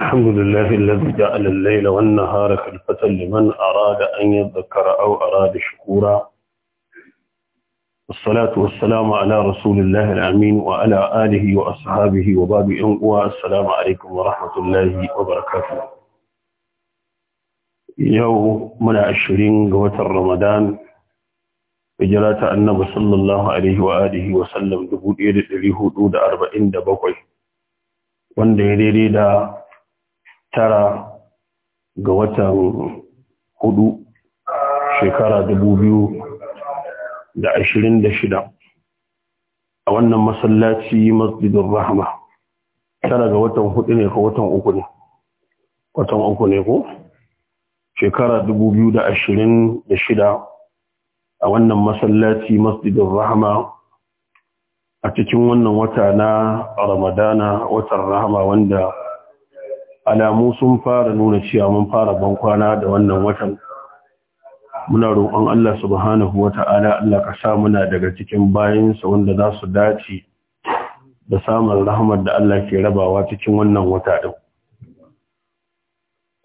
الحمد لله الذي جعل الليل والنهار خلفة لمن أراد أن يذكر أو أراد شكورا والصلاة والسلام على رسول الله الأمين وعلى آله وأصحابه وباب أنقوى السلام عليكم ورحمة الله وبركاته يوم من عشرين قوة رمضان بجلاة النبي صلى الله عليه وآله وسلم دبود إيد الإليه دود أربعين دبقوي وان ديري دا tara ga watan hudu shekara dubu biyu da ashirin da shida a wannan masallaci masjidin rahama tara ga watan hudu ne ko watan uku ne watan uku ne ko shekara dubu biyu da ashirin da shida a wannan masallaci masjidin rahama a cikin wannan wata na ramadana watan rahama wanda alamu sun fara nuna cewa mun fara ban kwana da wannan watan muna roƙon Allah subhanahu wata'ala Allah ka sa muna daga cikin bayansa wanda za su dace da samun rahmar da Allah ke rabawa cikin wannan wata din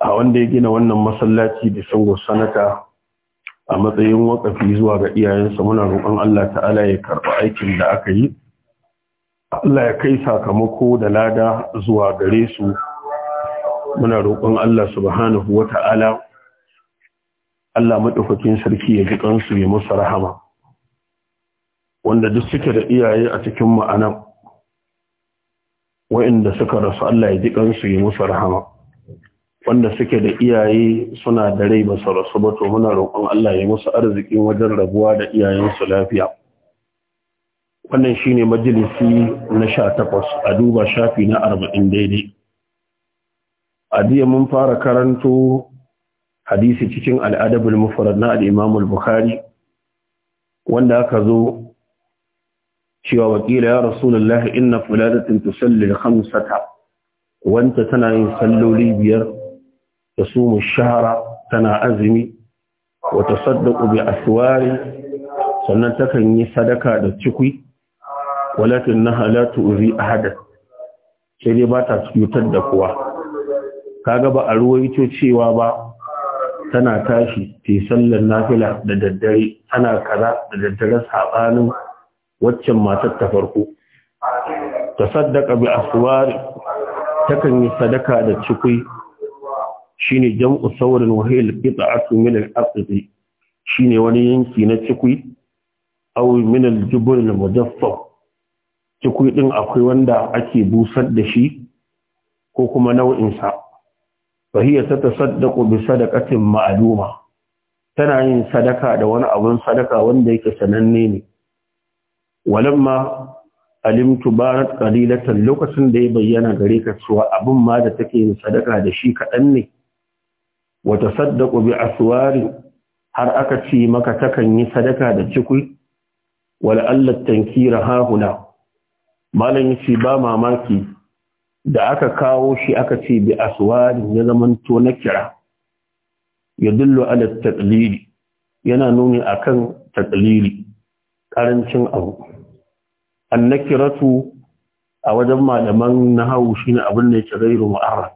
a wanda ya gina wannan masallaci da shango sanata a matsayin wakafi zuwa ga iyayensa muna roƙon Allah ta'ala ya karɓi aikin da aka yi Allah ya kai sakamako da lada zuwa gare su muna roƙon Allah subhanahu wa ta'ala Allah maɗaukakin sarki ya ji ƙansu ya musu rahama wanda duk suke da iyaye a cikin ma’ana, wa'inda suka rasu Allah ya ji ƙansu ya musu rahama wanda suke da iyaye suna da rai ba rasu ba to muna roƙon Allah ya musu arzikin wajen rabuwa da iyayensu lafiya wannan shi ne majalisi na sha takwas a duba shafi na arba'in daidai jiya mun fara karanto hadisi cikin al'adabul mufrad na al bukhari wanda aka zo cewa wakila ya Rasulullah inna fulanatin tusalli khamsata wanta tana yin salloli biyar tasumu shahara tana azumi wa tasaddaqu bi aswari sannan takan yi sadaka da cikwi walakin naha la tu'zi ahada sai dai ba ta cutar da kowa kaga ba a ruwaito cewa ba tana tashi ta sallar nafila da daddare tana kaza da daddare saɓanin waccan matar ta farko ta saddaka bi ta takan yi sadaka da cikui shine jam'u saurin wahil qita'atu min al-aqdi shine wani yanki na cikui aw min al-jubur al cikui din akwai wanda ake busar da shi ko kuma nau'insa? fahiyya ta tasaddaqu bi sadaqatin ma'aluma tana yin sadaka da wani abun sadaka wanda yake sananne ne ma, alimtu na qalilatan lokacin da ya bayyana gare ka cewa abin ma da take yin sadaka da shi kaɗan ne Wata tasaddaqu bi asuwari har aka ce maka takan yi sadaka da cikwi wala Allah tankira hahuna malan shi ba mamaki da aka kawo shi aka ce bi aswad ya zamanto na kira Ya yadullu ala taqlili yana nuni akan taqlili karancin abu annakiratu a wajen malaman nahawu shine abin da yake gairu mu'arra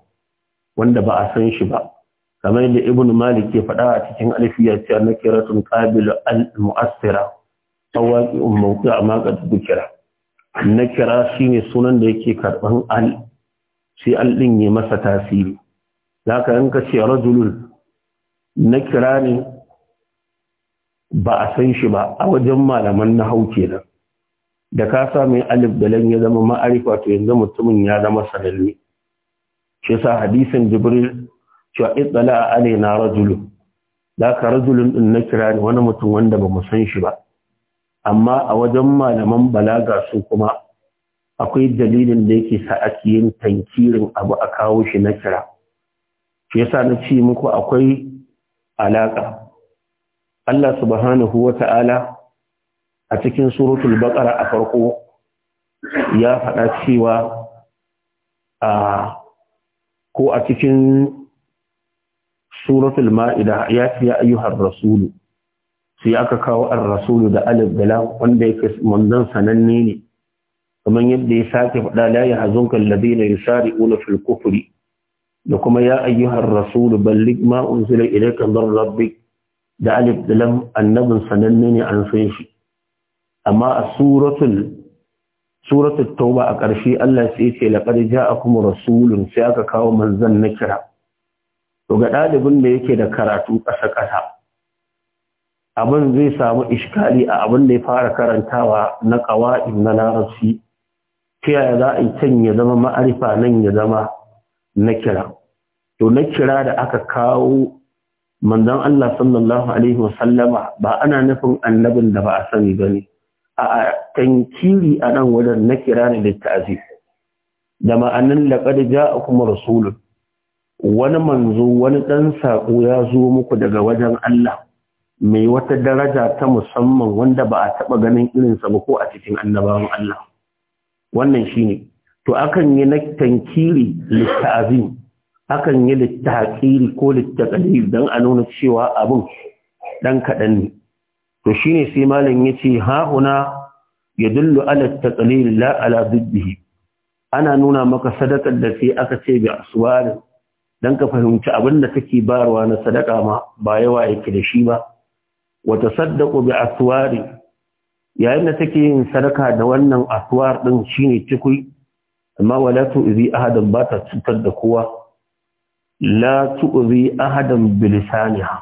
wanda ba a san shi ba kamar da ibnu malik ya faɗa a cikin alfiya cewa nakiratun qabilu al mu'assira tawaqi mawqi'a ma qad dhukira Annakira shine sunan da yake karban al sai an ɗin masa tasiri za ka in ka ce rajulun na kira ne ba a san shi ba a wajen malaman na hau kenan da ka sa mai alif da lan ya zama ma'arifa to yanzu mutumin ya zama sanalle shi sa hadisin jibril cewa itsala na rajulun da ka rajulun din na kira ne wani mutum wanda ba mu san shi ba amma a wajen malaman balaga su kuma akwai dalilin da yake sa ake yin tankirin abu a kawo shi na kira shi yasa na ce muku akwai alaka Allah subhanahu Ta'ala, a cikin suratul baqara a farko ya faɗa cewa a ko a cikin suratul ma'ida ya ce ya ayyuhar rasulu sai aka kawo ar-rasulu da alif da lam wanda yake manzon sananne ne kamar yadda ya sake faɗa la yahzunka alladhina yusari'una fil kufuri da kuma ya ayyuhar rasulu ballig ma unzila ilayka min rabbi da alif da lam annabin sananne ne an san shi amma a suratul suratul tauba a ƙarshe Allah sai ya ce laqad ja'akum rasulun sai aka kawo manzon na kira to ga ɗalibin da yake da karatu ƙasa ƙasa abin zai samu iskali a abin da ya fara karantawa na ƙawa'in na larabci ta yaya za a yi can ya zama ma'arifa nan ya zama na kira to na kira da aka kawo manzan Allah sallallahu alaihi wasallama ba ana nufin annabin da ba a sani ba ne a tankiri a nan wajen na kira ne da ta'azif da ma'anin a kuma rasulun wani manzo wani ɗan saƙo ya zo muku daga wajen Allah mai wata daraja ta musamman wanda ba a taɓa ganin irinsa ba ko a cikin annabawan Allah wannan shine to akan yi na tankiri litta'azim akan yi litta'akiri ko litta'adir don a nuna cewa abin ɗan kaɗan ne to shine sai malam ya ce ha'una ya dullu ala taqlil la ala diddihi ana nuna maka sadakar da sai aka ce bi aswarin don ka fahimci abin da take barwa na sadaka ma ba yawa yake da shi ba wata saddaku bi aswari yayin da take yin sadaka da wannan aswar din shine tukui amma wala zi ahadan ba ta cutar da kowa la tu'zi ahadan bilisaniha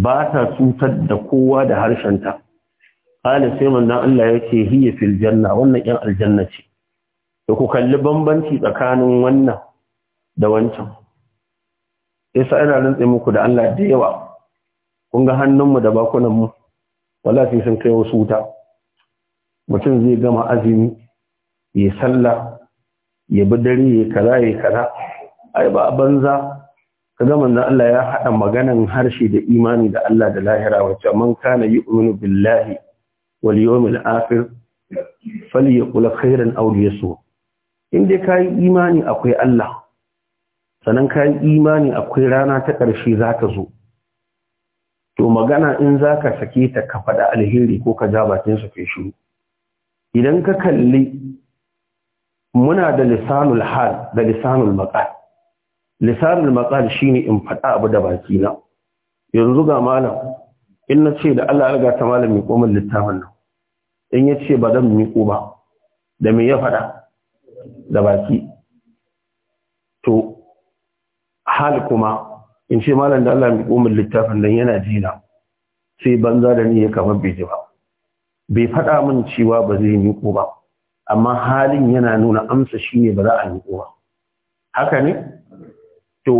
ba ta cutar da kowa da harshenta qala sai manzon Allah yake hiya fil janna wannan yan aljanna ce to ku kalli bambanci tsakanin wannan da wancan yasa ina rantsa muku da Allah da yawa kun ga hannunmu da bakunanmu wallahi sun kai wasu wuta mutum zai gama azumi ya sallah ya bi dare ya kaza ya kaza ai ba banza kaga manzon Allah ya hada maganan harshe da imani da Allah da lahira wacce man kana yu'minu billahi wal yawmil akhir falyaqul khairan aw yasu in dai kai imani akwai Allah sanan kai imani akwai rana ta karshe za ta zo to magana in zaka sake ta ka faɗa alheri ko ka ja bakin su kai shiru idan ka kalli muna da lisanul hal da lisanul maqal lisanul maqal shine in faɗa abu da baki na yanzu ga malam in nace da Allah ya ta malam mai min littafin nan in yace ba zan miƙo ba da me ya faɗa da baki to hal kuma in ce malam da Allah miƙo min littafin nan yana jina sai banza da ni ya kamar bai ji ba bai faɗa min cewa ba zai miƙo ba amma halin yana nuna amsa shine ba za a miƙo ba haka ne to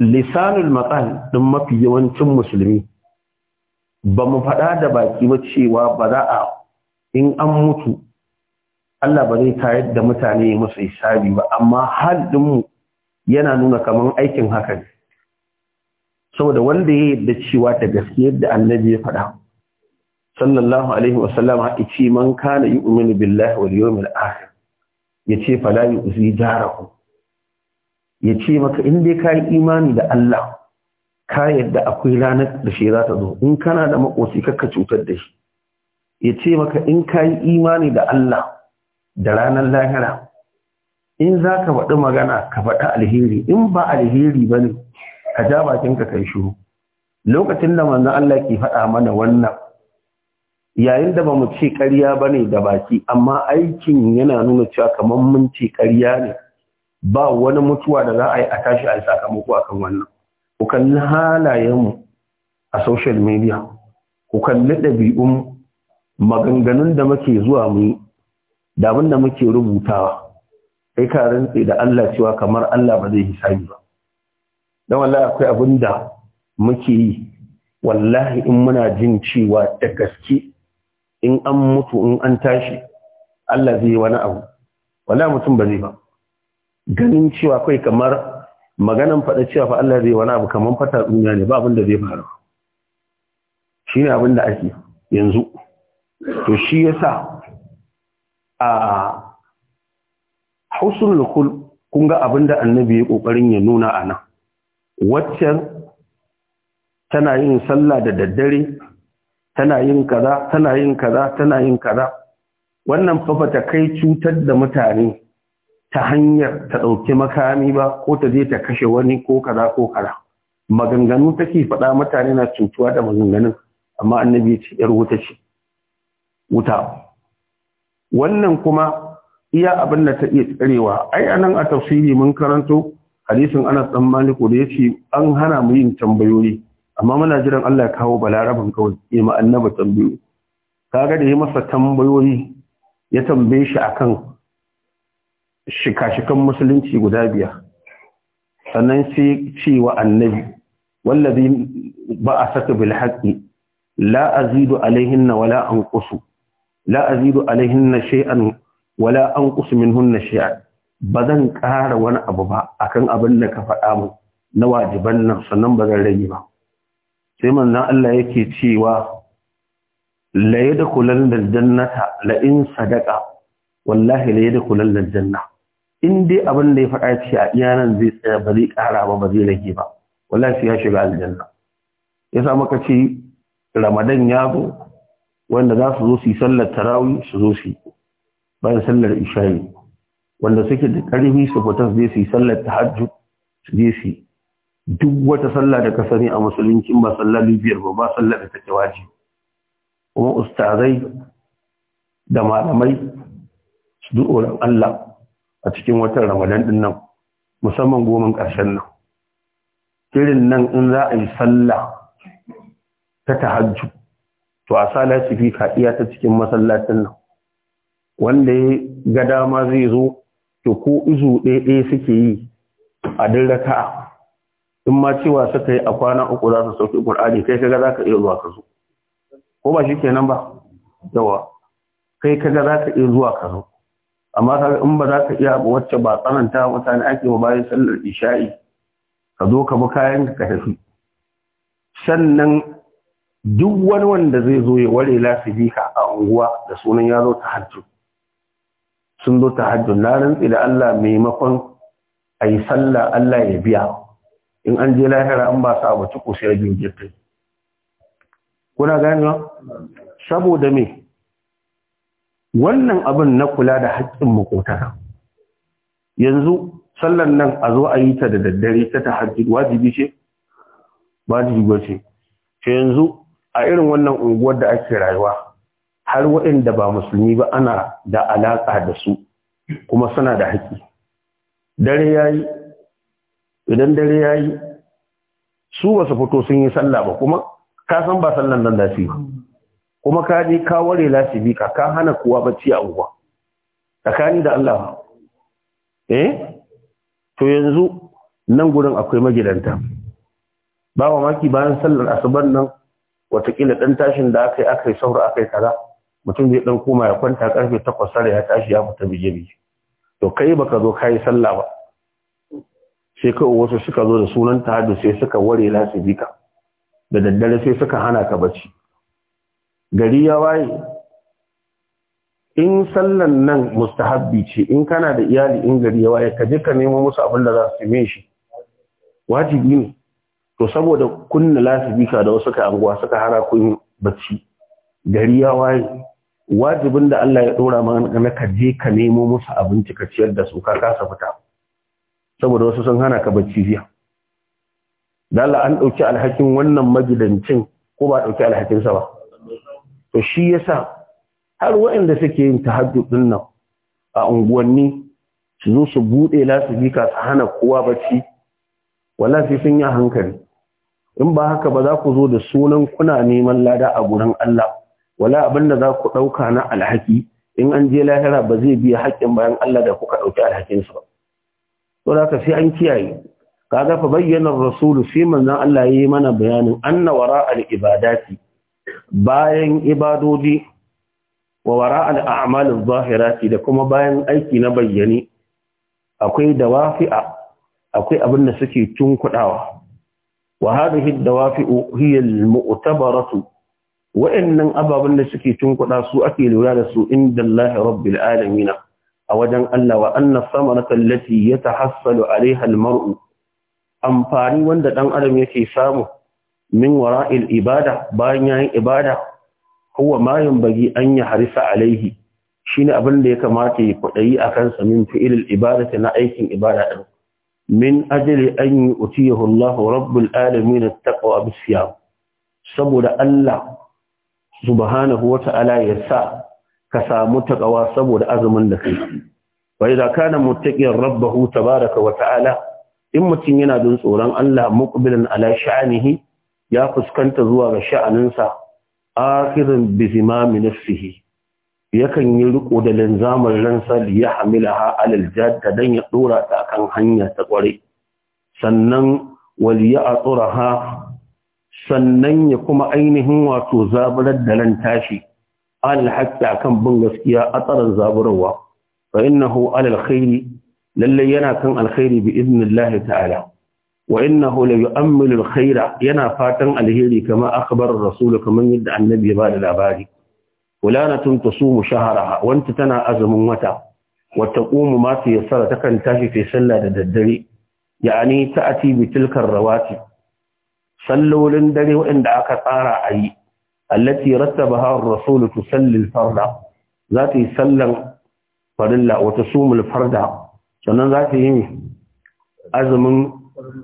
lisanul maqal din mafi yawancin musulmi ba mu faɗa da baki ba cewa ba za a in an mutu Allah ba zai tayar da mutane musu hisabi ba amma halin mu yana nuna kaman aikin haka ne saboda wanda ya yadda cewa ta gaskiyar da annabi ya faɗa sallallahu alaihi wasallam haka ce man kana yu'minu billahi wal yawmil akhir yace fala yu'zi jarahu yace maka in dai kai imani da Allah ka yadda akwai ranar da shi za ta zo in kana da makosi kakka cutar da shi yace maka in kai imani da Allah da ranar lahira in za ka faɗi magana ka faɗi alheri in ba alheri ba ne ka ja bakinka kai shiru lokacin da manzon Allah ke faɗa mana wannan yayin da ba mu ce ƙarya ba ne da baki amma aikin yana nuna cewa kamar mun ce ƙarya ne ba wani mutuwa da za a yi a tashi a yi sakamako a kan wannan ku kalli halayenmu a social media ku kalli ɗabi'un maganganun da muke zuwa mu yi da abin da muke rubutawa kai ka rantse da Allah cewa kamar Allah ba zai hisabi ba dan wallahi akwai abin da muke yi wallahi in muna jin cewa da gaske in an mutu in an tashi Allah zai yi wani abu wala mutum ba zai ba ganin cewa kai kamar maganan faɗa cewa fa Allah zai yi wani abu kamar fata duniya ne ba abin da zai faru shi ne abin da ake yanzu to shi yasa a hausul lukul kun ga abin da annabi ya kokarin ya nuna a nan waccan tana yin sallah da daddare tana yin kaza tana yin kaza tana yin kaza wannan fa ta kai cutar da mutane ta hanyar ta ɗauki makami ba ko ta je ta kashe wani ko kaza ko kaza maganganu take faɗa mutane na cutuwa da maganganun amma annabi ya ce yar wuta ce wuta wannan kuma iya abin da ta iya tsarewa ai anan a tafsiri mun karanto hadisin Anas dan Maliku da yace an hana mu yin tambayoyi amma muna jiran Allah ya kawo balarabin kawai ya ma annaba tambayoyi kaga da ya masa tambayoyi ya tambaye shi akan shikashikan musulunci guda biyar sannan sai cewa annabi wallazi ba'asaka bil haqqi la azidu alaihinna wala anqusu la azidu alaihinna shay'an wala anqusu minhunna shay'an bazan ƙara wani abu ba akan abin da ka faɗa mu na wajiban nan sannan bazan rage ba sai manzan Allah yake cewa la da jannata la in wallahi la da janna in dai abin da ya faɗa ce a iyanan zai tsaya ba zai ƙara ba ba zai rage ba wallahi ya shiga aljanna yasa muka ce ramadan ya zo wanda za su zo su yi sallar tarawih su zo su bayan sallar isha'i wanda suke da ƙarfi su fita su je su yi sallar tahajjud su je su duk wata sallah da ka sani a musuluncin ba sallah biyar ba ba sallah da take wajibi kuma ustazai da malamai su du'oran Allah a cikin watan Ramadan din nan musamman goma ƙarshen nan irin nan in za a yi sallah ta tahajjud to a sala fi ka ta cikin masallacin nan wanda ya ga dama zai zo to ko izu ɗaya ɗaya suke yi a duk raka'a in ma cewa suka yi a kwana uku za su sauki ƙur'ani kai kaga za ka iya zuwa ka zo ko ba shi kenan ba yawa kai kaga za ka iya zuwa ka zo amma kaga in ba za ka iya ba wacce ba tsananta mutane ake ba bayan sallar isha'i ka zo ka bi kayan ka tafi sannan duk wani wanda zai zo ya ware lasibika a unguwa da sunan ya zo ta hajju sun zo ta hajju na rantsi da Allah maimakon a yi sallah Allah ya biya in an je lahira an ba su abu tuku sai rage girkin kuna ganewa saboda me wannan abin na kula da haƙƙin makotara yanzu sallan nan a zo a yi ta da daddare ta ta tahajjud wajibi ce wajibi ce to yanzu a irin wannan unguwar da ake rayuwa har waɗanda ba musulmi ba ana da alaƙa da su kuma suna da haƙƙi dare yayi idan dare ya yi su wasu fito sun yi sallah ba kuma ka san ba sallan nan lafi kuma ka je ka ware lafi ka ka hana kuwa bacci a uwa tsakani da Allah eh to yanzu nan gurin akwai magidanta ba maki bayan sallar asuban nan watakila dan tashin da aka yi aka yi saura aka yi kaza mutum zai dan koma ya kwanta karfe 8 sare ya tashi ya fita bije bije to kai baka zo kai sallah ba sai kawai wasu suka zo da sunan tahajjud sai suka ware lasibika da daddare sai suka hana ka bacci gari ya waye in sallan nan mustahabbi ce in kana da iyali in gari ya waye ka je ka nemo musu abin da za su yi shi wajibi ne to saboda kunna lasibika da wasu ka anguwa suka hana kun bacci gari ya waye wajibin da Allah ya dora mana ka je ka nemo musu abinci ka ciyar da su ka kasa fita saboda wasu sun hana ka bacci jiya da Allah an ɗauki alhakin wannan magidancin ko ba ɗauki alhakinsa ba to shi yasa har waɗanda suke yin tahajjud din nan a unguwanni su zo su buɗe ka su hana kowa bacci Wala sai sun yi hankali in ba haka ba za ku zo da sunan kuna neman lada a gurin Allah wala abin da za ku ɗauka na alhaki in an je lahira ba zai biya haƙƙin bayan Allah da kuka ɗauki alhakinsu ba saboda ka sai an kiyaye kaga fa bayyana rasulu sai manzon Allah yayi mana bayanin anna wara al ibadati bayan ibadodi wa wara al a'mal al zahirati da kuma bayan aiki na bayyane akwai dawafi'a akwai abin da suke tunkudawa wa hadhihi dawafi'u hiya al mu'tabaratu wa'annan ababen da suke tunkuda su ake lura da su inda Allah rabbil alamin a wajen Allah wa anna samarata allati yatahassalu alaiha almar'u amfani wanda ɗan adam yake samu min wara'il ibada bayan yayin ibada huwa ma yanbaghi an harisa alaihi shine abin da ya kamata ya kudayi akan sa min fi'il ibadati na aikin ibada din min ajli an yutiyahu Allahu rabbul alamin at-taqwa bis-siyam saboda Allah subhanahu ya sa ka samu ƙawa saboda azumin da kai wa idza kana muttaqiyan rabbahu tabaaraka wa ta'ala in mutum yana jin tsoron Allah muqbilan ala sha'nihi ya fuskanta zuwa ga sha'aninsa akhirin bi zimami nafsihi yakan yi riko da linzamin ransa da ya hamilaha alal dan ya dora ta kan hanya ta kware sannan waliya aturaha sannan ya kuma ainihin wato zabarar da lantashi tashi alal haqqi akan bin gaskiya atsaran zaburarwa fa innahu alal khairi lalle yana kan alkhairi bi idnillahi ta'ala wa innahu la yu'ammilu alkhaira yana fatan alheri kama akhbar rasul kaman yadda annabi ba da labari fulanatun mu shahraha wanta tana azumin wata wa taqumu ma tayassara takan tashi fi sallah da daddare yani ta'ati bi tilkar rawati sallolin dare waɗanda aka tsara a yi allati rattabaha ar Rasulu tusalli al-farda za ta yi sallan farilla wa farda sannan za ta yi azumin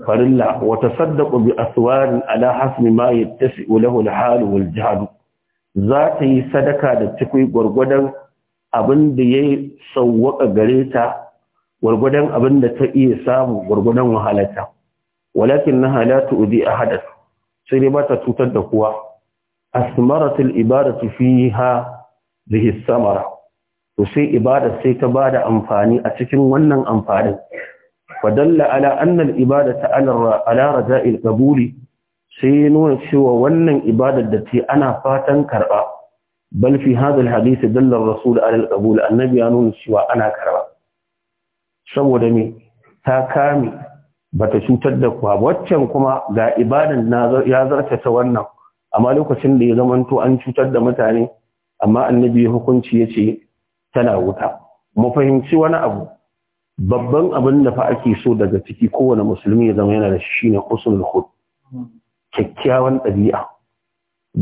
farilla Wata tasaddaqu bi aswarin ala hasbi ma yattasi'u lahu al-hal wal za ta yi sadaka da cikin gwargwadon abin da ya sauwaƙa gare ta gwargwadon abin da ta iya samu gwargwadon wahalata walakin na halatu udi a hadas sai dai ba ta cutar da kowa asmaratul ibadatu fiha bihi samara to sai ibada sai ta bada amfani a cikin wannan amfanin fadalla ala anna al-ibadata ala ala raja'il qabuli sai nuna cewa wannan ibadar da ce ana fatan karba bal fi hadha al-hadith dalla ar-rasul ala al-qabul annabi ya nuna cewa ana karba saboda me ta kame bata cutar da ku waccan kuma ga ibadan ya zarta ta wannan amma lokacin da ya zamanto an cutar da mutane amma annabi ya hukunci ya ce tana wuta mu fahimci wani abu babban abin da fa ake so daga ciki kowane musulmi ya zama yana da shi ne husnul khud kyakkyawan ɗabi'a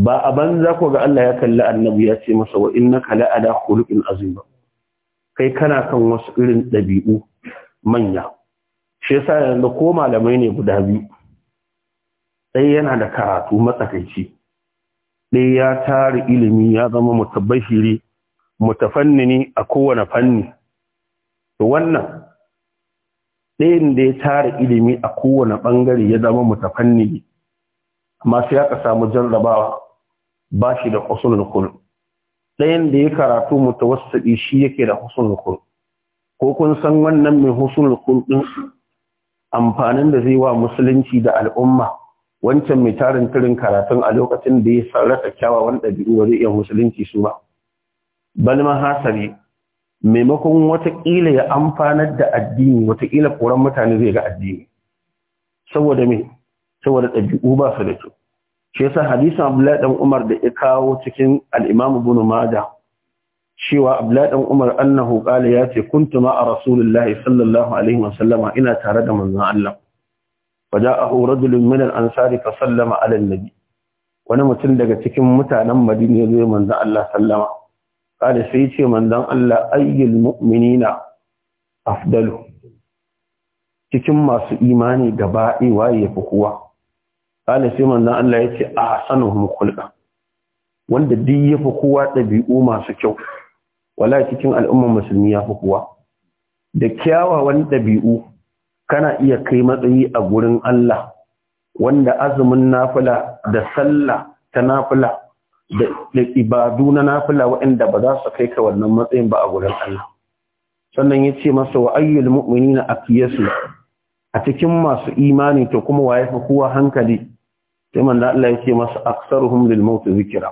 ba a banza ko ga Allah ya kalli annabi ya ce masa wa innaka la ala khuluqin azim kai kana kan wasu irin dabi'u manya shi yasa yanzu ko malamai ne guda biyu sai yana da karatu matsakaici ɗaya ya tara ilimi ya zama mutabashiri mutafannini a kowane fanni to wannan ɗayan da ya tara ilimi a kowane ɓangare ya zama mutafannini amma sai aka samu jarrabawa ba shi da husnul khul ɗayan da ya karatu mutawassidi shi yake da husnul khul ko kun san wannan mai husnul khul ɗin amfanin da zai wa musulunci da al'umma wancan mai tarin tirin karatun a lokacin da ya sarrafa kyawawan ɗabi'u ba zai iya musulunci su ba Bani hasari maimakon watakila ya amfanar da addini watakila koran mutane zai ga addini saboda me saboda ɗabi'u ba su da kyau shi yasa hadisin abdullahi dan umar da ya kawo cikin al-imam ibn cewa abdullahi dan umar annahu ƙala ya ce kuntu a rasulullahi sallallahu alaihi sallama, ina tare da manzon Allah فجاءه رجل من الأنصار فسلم على النبي wani mutum daga cikin mutanen Madina ya zo manzon Allah sallama kada sai ce manzan Allah ayyul mu'minina afdalu cikin masu imani gaba waye yafi kowa kada sai manzan Allah a ahsanuhum khulqa wanda duk fi kowa ɗabi'u masu kyau wala cikin al'ummar musulmi ya fi kowa da kyawawan ɗabi'u. kana iya kai matsayi a gurin Allah wanda azumin nafila da sallah ta nafila da ibadu na nafila waɗanda ba za su kai ka wannan matsayin ba a gurin Allah sannan ya ce masa wa ayyul mu'minina akiyasu a cikin masu imani to kuma waye fa kowa hankali sai manzo Allah ya ce masa aksaruhum lil maut zikra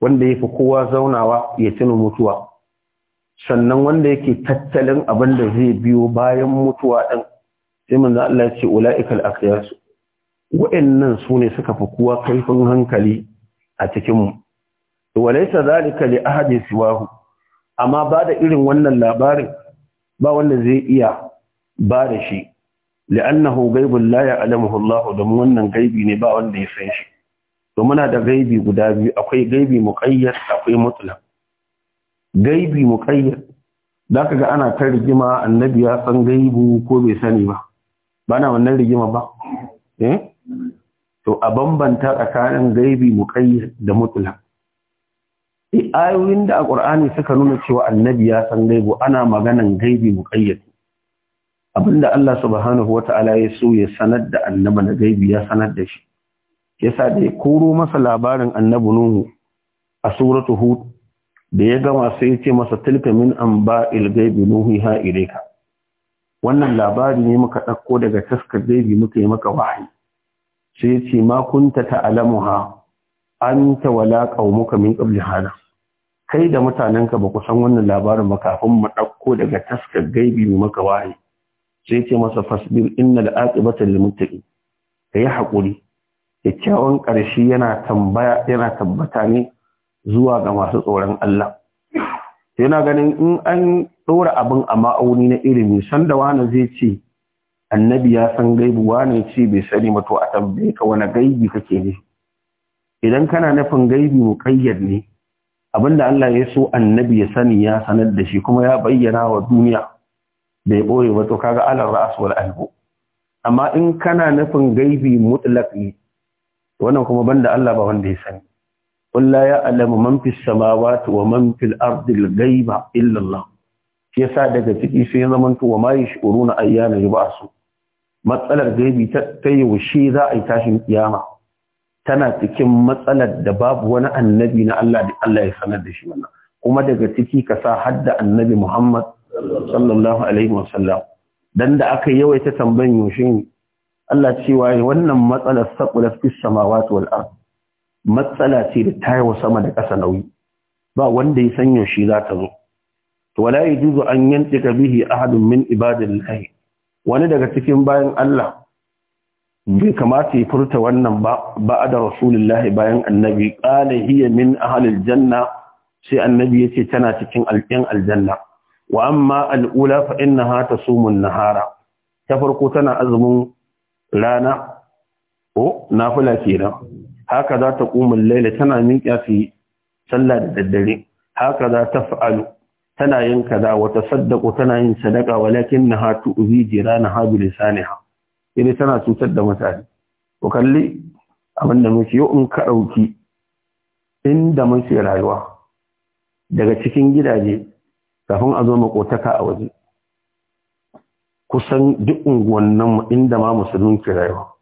wanda yafi kowa zaunawa ya tuna mutuwa sannan wanda yake tattalin abin da zai biyo bayan mutuwa din. sai manzo Allah ya ce ulaiikal aqyas wa'annan su ne suka fi kuwa kaifin hankali a cikin mu walaysa zalika li ahadin siwahu amma ba da irin wannan labarin ba wanda zai iya ba da shi li'annahu ghaibun la ya'lamuhu Allah da wannan gaibi ne ba wanda ya san shi to muna da gaibi guda biyu akwai gaibi muqayyad akwai mutlaq gaibi muqayyad zaka ga ana ta rigima annabi ya san gaibu ko bai sani ba bana na wannan rigima ba eh to a bambanta tsakanin gaibi muqayyad da mutlaq E, ayoyin da alqur'ani suka nuna cewa annabi ya san gaibi ana maganan gaibi muqayyad abinda Allah subhanahu wata'ala ya so ya sanar da annabi na gaibi ya sanar da shi yasa da ya koro masa labarin annabi nuhu a suratu hud da ya gama sai ya ce masa tilka min anba'il gaibi nuhiha ilayka wannan labari ne muka ɗauko daga taskar gaibi muka yi maka wahayi sai ya ce ma kunta an ta wala qaumuka min qabli hada kai da mutanenka ba ku san wannan labarin ba kafin mu ɗauko daga taskar gaibi mu maka wahayi sai ya ce masa fasbir innal aqibata lil ka yi haƙuri. kyakkyawan ƙarshe yana tambaya yana tabbata ne zuwa ga masu tsoron Allah yana ganin in an ɗora abin a ma'auni na ilimi sanda wani zai ce annabi ya san gaibu wani ce bai sani ba to a tambaye ka wani gaibi kake ne idan kana nufin gaibi mu kayyar ne da Allah ya so annabi ya sani ya sanar da shi kuma ya bayyana wa duniya bai ɓoye ba to kaga alar ra'as wal albu amma in kana nufin gaibi mutlaq ne wannan kuma banda Allah ba wanda ya sani قل لا يعلم من في السماوات ومن في الأرض الغيب إلا الله shi yasa daga ciki sai zamanto wa mai shuruna ayyana yub'asu matsalar gaibi ta yi shi za a yi tashin kiyama tana cikin matsalar da babu wani annabi na Allah da Allah ya sanar da shi wannan kuma daga ciki ka sa hadda annabi Muhammad sallallahu alaihi wasallam dan da aka yawaita tambayan yoshin Allah cewa wannan matsalar saqulat fis samawati wal ard matsala ce da tayawa sama da ƙasa nauyi ba wanda ya san yaushe za ta zo wala yajuzu an yantika bihi ahadun min ibadillahi wani daga cikin bayan Allah bai kamata ya furta wannan ba ba da rasulullahi bayan annabi qala hiya min ahlil janna sai annabi yace tana cikin alƙin aljanna wa amma al'ula fa innaha tasumu an-nahara ta farko tana azumin rana o oh, nafila kenan haka za ta ƙumin laila tana miƙa fi sallah da daddare haka za ta fa'alu tana yin kaza wata saddaƙo tana yin sadaka walakin na hatu ubi jira na habu lisaniha iri tana cutar da mutane ku kalli abin da muke yau in ka ɗauki inda muke rayuwa daga cikin gidaje kafin a zo makotaka a waje kusan duk unguwannin inda ma musulunci ke rayuwa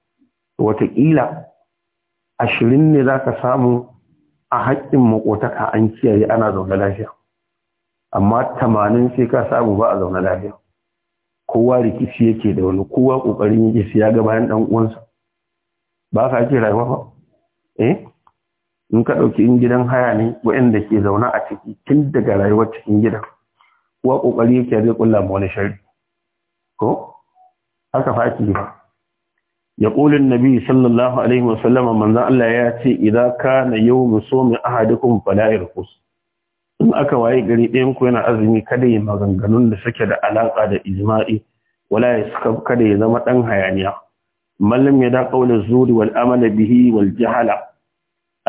ashirin ne za ka samu a haƙƙin maƙotaka an kiyaye ana zaune lafiya amma tamanin sai ka samu ba a zaune lafiya kowa rikici yake da wani kowa ƙoƙarin yake siya ga bayan ɗan uwansa ba ka ake rayuwa ba eh in ka ɗauki in gidan haya ne waɗanda ke zaune a ciki tun daga rayuwar cikin gidan kowa ƙoƙari yake zai ƙulla ma wani shari ko haka fa ake ba يقول النبي صلى الله عليه Allah ya ce الله ka na كان يوم صوم أحدكم فلا يرقص in aka waye gari ɗayan ku yana azumi kada ya maganganun da suke da alaƙa da ijma'i wala ya suka kada ya zama ɗan hayaniya mallam ya da ƙaula zuri wal amala bihi wal jahala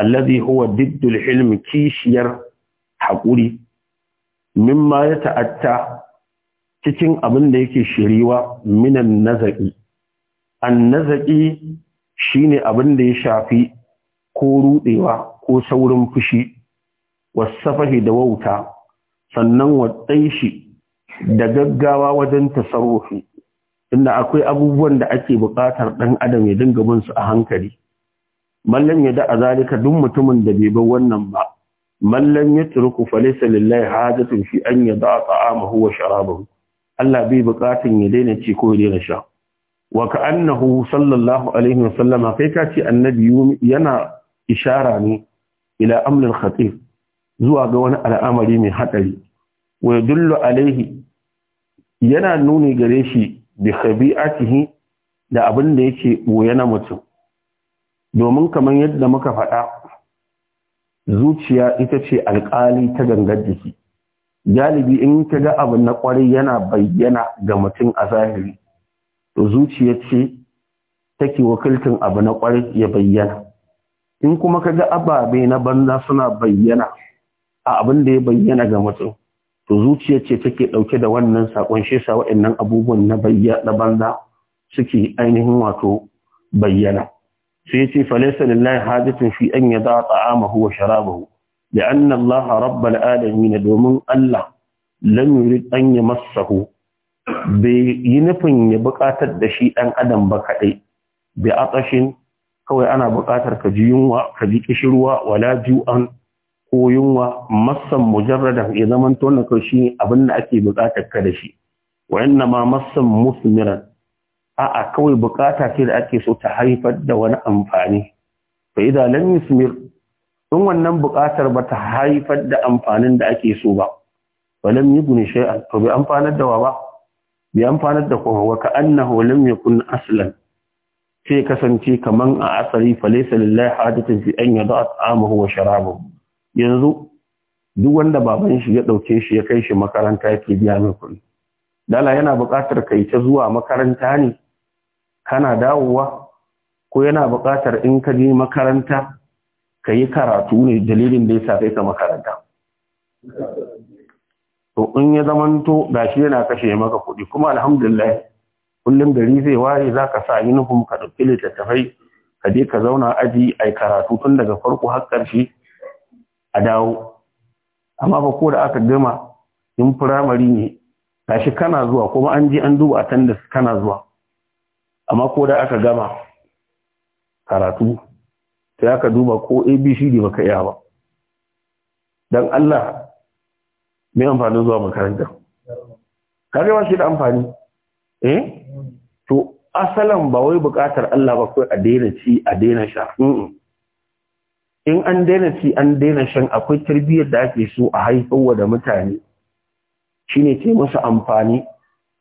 allazi huwa diddul hilmi kishiyar haƙuri mimma ya ta'atta cikin abin da yake shiriwa minan nazari annazaki shine abin da ya shafi ko rudewa ko saurin fushi wasafahi da wauta sannan watsaishi da gaggawa wajen tasarrufi inda akwai abubuwan da ake buƙatar ɗan adam ya dinga bin su a hankali mallan ya da zalika duk mutumin da bai bar wannan ba mallan ya turku laysa lillahi hajatun fi an yada ta'amahu wa sharabahu Allah bai buƙatun ya daina ci ko ya daina sha wa ka'annahu sallallahu alaihi wasallama kai ka ce annabi yana ishara ne ila amlin khatir zuwa ga wani al'amari mai haɗari. wa yadullu alaihi yana nuni gare shi bi khabi'atihi da abin da yake boye na mutum domin kamar yadda muka faɗa zuciya ita ce alƙali ta gangar jiki galibi in ka ga abu na ƙwarai yana bayyana ga mutum a zahiri to zuciya ce take wakiltin abu na kwarai ya bayyana in kuma ka ga ababe na banza suna bayyana a abin da ya bayyana ga mutum to zuciya ce take ɗauke da wannan sakon shesa waɗannan abubuwan na bayyana banza suke ainihin wato bayyana sai yace falaysa lillahi hajatun fi an yada ta'amahu wa sharabahu لأن الله na domin Allah الله لم يريد أن يمسه bai yi nufin ya buƙatar da shi ɗan adam ba kaɗai bi atashin kawai ana buƙatar ka ji yunwa ka ji kishirwa wala an ko yunwa masan mujarradan ya zaman to na shi abin da ake buƙatar ka da shi wa ma masan musmiran a'a kawai buƙata ce da ake so ta haifar da wani amfani fa idan lam yusmir in wannan buƙatar ba ta haifar da amfanin da ake so ba yi yugni shay'an to bai amfanar da wa ba bai amfanar da kowa wa ka'annahu lam yakun aslan sai kasance kaman a asali falaysa lillahi hadatun fi an yada ta'amahu wa sharabahu yanzu duk wanda baban shi ya dauke shi ya kai shi makaranta yake biya mai kuɗi dala yana buƙatar kai ta zuwa makaranta ne kana dawowa ko yana buƙatar in ka je makaranta ka yi karatu ne dalilin da ya sa kai ka makaranta to in ya zamanto gashi yana kashe maka kuɗi kuma alhamdulillah kullum gari zai waye za ka sa yunifom ka ɗauki littattafai ka je ka zauna aji a karatu tun daga farko har ƙarshe a dawo amma ba ko da aka gama in firamare ne gashi kana zuwa kuma an je an duba attendance kana zuwa amma ko da aka gama karatu sai aka duba ko abcd baka iya ba dan allah me amfanin zuwa makaranta kare ba shi da amfani eh to asalan ba wai bukatar Allah ba kai a daina ci a daina sha in an daina ci an daina shan akwai tarbiyyar da ake so a haifarwa da mutane shine ce musu amfani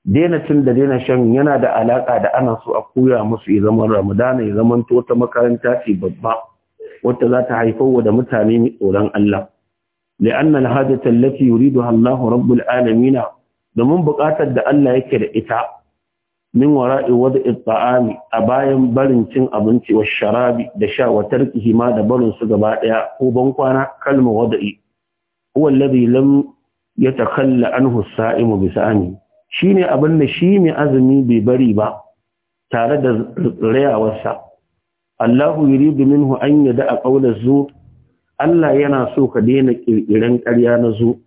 daina cin da daina shan yana da alaka da ana so a koya musu ya zama ramadana ya zama ta makaranta ce babba wata za ta haifarwa da mutane mai tsoron Allah لأن الهادة التي يريدها الله رب العالمين domin buƙatar da Allah yake da ita min wara'i wada it'ami a bayan barin cin abinci wa sharabi da sha wa tarkihi ma da barin su gaba ɗaya ko ban kwana kalma wada'i huwa alladhi lam yatakhalla anhu as-sa'imu bi sa'ami shine abin da shi mai azumi bai bari ba tare da rayawarsa Allahu yuridu minhu an a qawla zur Allah yana so ka daina ƙirƙiren ƙarya na zo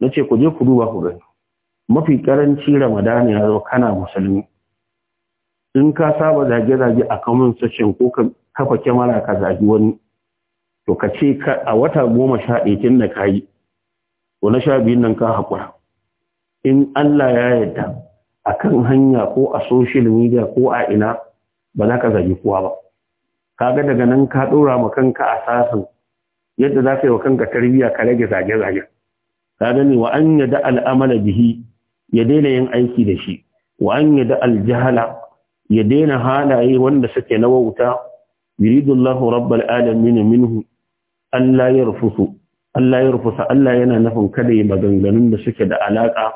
na ce ku je ku duba ku gani mafi ƙaranci Ramadan ya zo kana musulmi in ka saba zage-zage a kamun sashen ko ka kafa kyamara ka zagi wani to ka ce a wata goma sha ɗaya da ka yi to na sha biyun nan ka haƙura in Allah ya yarda a kan hanya ko a social media ko a ina ba za ka zagi kowa ba Ka ga daga nan ka ɗora ma kanka a sasin yadda za ka yi wa kanka tarbiyya ka rage zage-zage ka gani wa an yada amala bihi ya daina yin aiki da shi wa an yada aljahala ya daina halaye wanda suke na wauta yuridullahu rabbal alamin minhu Allah ya rufusu Allah ya rufusa Allah yana nufin kada ya maganganun da suke da alaka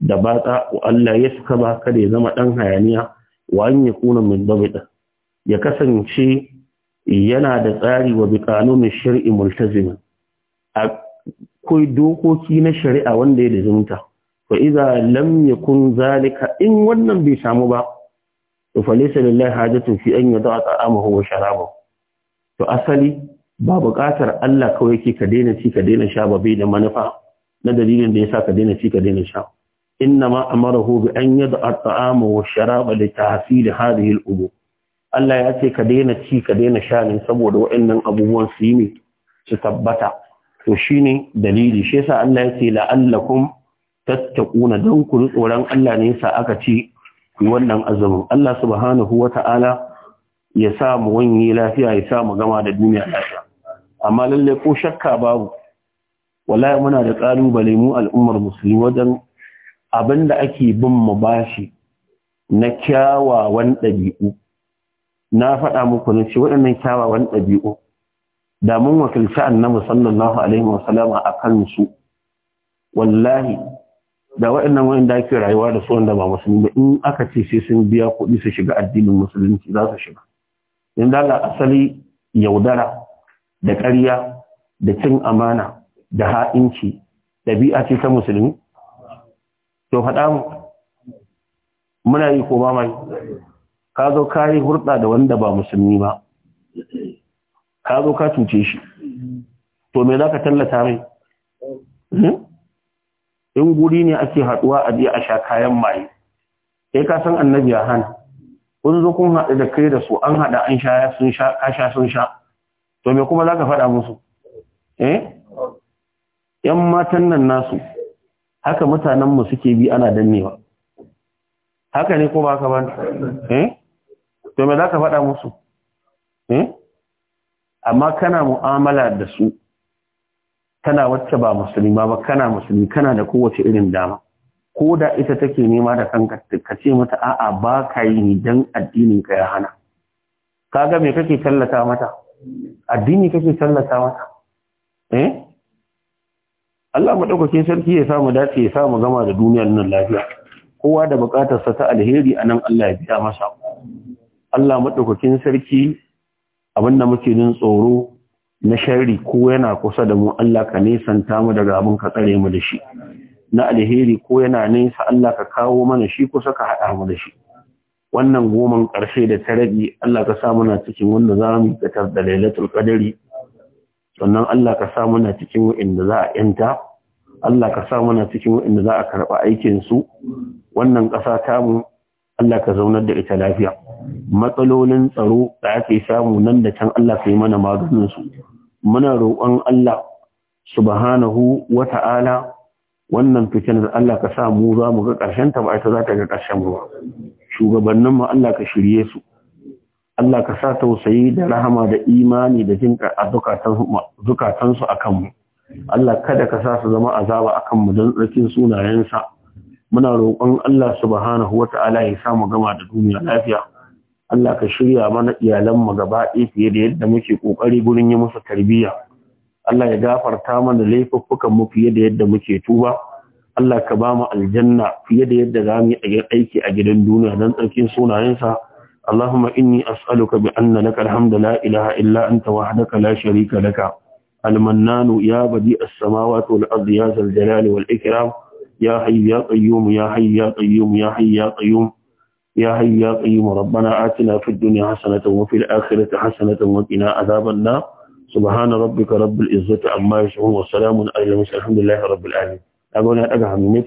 da batsa wa Allah ya suka ba kada ya zama ɗan hayaniya wa an yakuna min dabita ya kasance yana da tsari wa bi kanunin shari'i multazima akwai dokoki na shari'a wanda ya lazimta fa idza lam yakun zalika in wannan bai samu ba to fa laysa lillahi hajatu fi an yada'a ta'amahu wa sharabahu to asali ba buƙatar Allah kawai yake ka daina ci ka daina sha ba bai da manufa na dalilin da yasa ka daina ci ka daina sha inna ma amarahu bi an yada'a ta'amahu wa sharaba li tahsil hadhihi al-umur Allah ya ce ka daina ci ka daina sha ne saboda waɗannan abubuwan su yi ne su tabbata to shine dalili shi yasa Allah ya ce la'allakum tattaquna dan ku tsoron Allah ne yasa aka ci wannan azumin Allah subhanahu wata'ala ya sa mu wani lafiya ya sa mu gama da duniya lafiya amma lalle ko shakka babu wallahi muna da kalubale mu al'ummar musulmi wajen abinda ake bin mu bashi na kyawawan ɗabi'u na faɗa muku ne ce waɗannan kyawawan ɗabi'u da mun wakilci annabi sallallahu alaihi wa sallam a su wallahi da waɗannan da ake rayuwa da su wanda ba musulmi ba in aka ce sai sun biya kuɗi su shiga addinin musulunci za su shiga in da asali yaudara da ƙarya da cin amana da ha'inci ɗabi'a ce ta musulmi to faɗa mu muna yi ko ba mai ka zo ka yi hurɗa da wanda ba musulmi ba ka zo ka cuce shi to me za ka tallata mai hmm? in guri ne ake haɗuwa a je a sha kayan maye sai ka san annabi ya hana kun zo kun haɗu da kai da su an haɗa an sha sun sha ka sha sun sha to me kuma za ka faɗa musu eh yan matan nan nasu haka mutanenmu suke bi ana dannewa haka ne ko ba ka ba eh to me za ka faɗa musu eh? amma kana mu'amala da su kana wacce ba musulma ba kana musulmi kana da kowace irin dama ko da ita take nema da kanka ka ce mata a'a ba ka yi ni dan addinin ka ya hana kaga me kake tallata mata addini kake tallata mata eh Allah madaukakin sarki ya samu dace ya samu gama da duniyar nan lafiya kowa da bukatarsa ta alheri anan Allah ya biya masa Allah maɗaukakin sarki abinda muke jin tsoro na sharri ko yana kusa da mu Allah ka nesanta mu daga abin ka tsare mu da shi na alheri ko yana nesa Allah ka kawo mana shi kusa ka haɗa mu da shi wannan goman ƙarshe da ta rabi Allah ka sa muna cikin wanda za mu fitar da lailatul qadari sannan Allah ka sa muna cikin wanda za a yanta Allah ka sa muna cikin wanda za a karɓa aikin su wannan ƙasa ta mu Allah ka zaunar da ita lafiya matsalolin tsaro da ake samu nan da can Allah yi mana maganin su muna roƙon Allah subhanahu wa ta'ala wannan fitinar Allah ka sa mu za mu ga ƙarshen ta ba ita za ta ga ƙarshen ruwa. shugabannin mu Allah ka shirye su Allah ka sa tausayi da rahama da imani da jinka a zukatan su akan mu Allah kada ka sa su zama azaba akan mu don tsarkin sunayensa muna roƙon Allah subhanahu wa ya sa mu gama da duniya lafiya Allah ka shirya mana iyalanmu gaba ɗaya fiye da yadda muke ƙoƙari gurin yi musu tarbiyya. Allah ya gafarta mana laifuffukan mu fiye da yadda muke tuba. Allah ka ba mu aljanna fiye da yadda za mu yi aiki a gidan duniya don tsarkin sunayensa. Allahumma inni as'aluka bi anna laka alhamdu la ilaha illa anta wahdaka la sharika laka. المنان يا بديع السماوات والأرض يا ذا الجلال والإكرام Ya حي ya قيوم ya حي ya قيوم ya حي ya قيوم يا حي يا قيوم ربنا آتنا في الدنيا حسنة وفي الآخرة حسنة وقنا عذاب النار سبحان ربك رب العزة عما يشعرون وسلام على المسلمين الحمد لله رب العالمين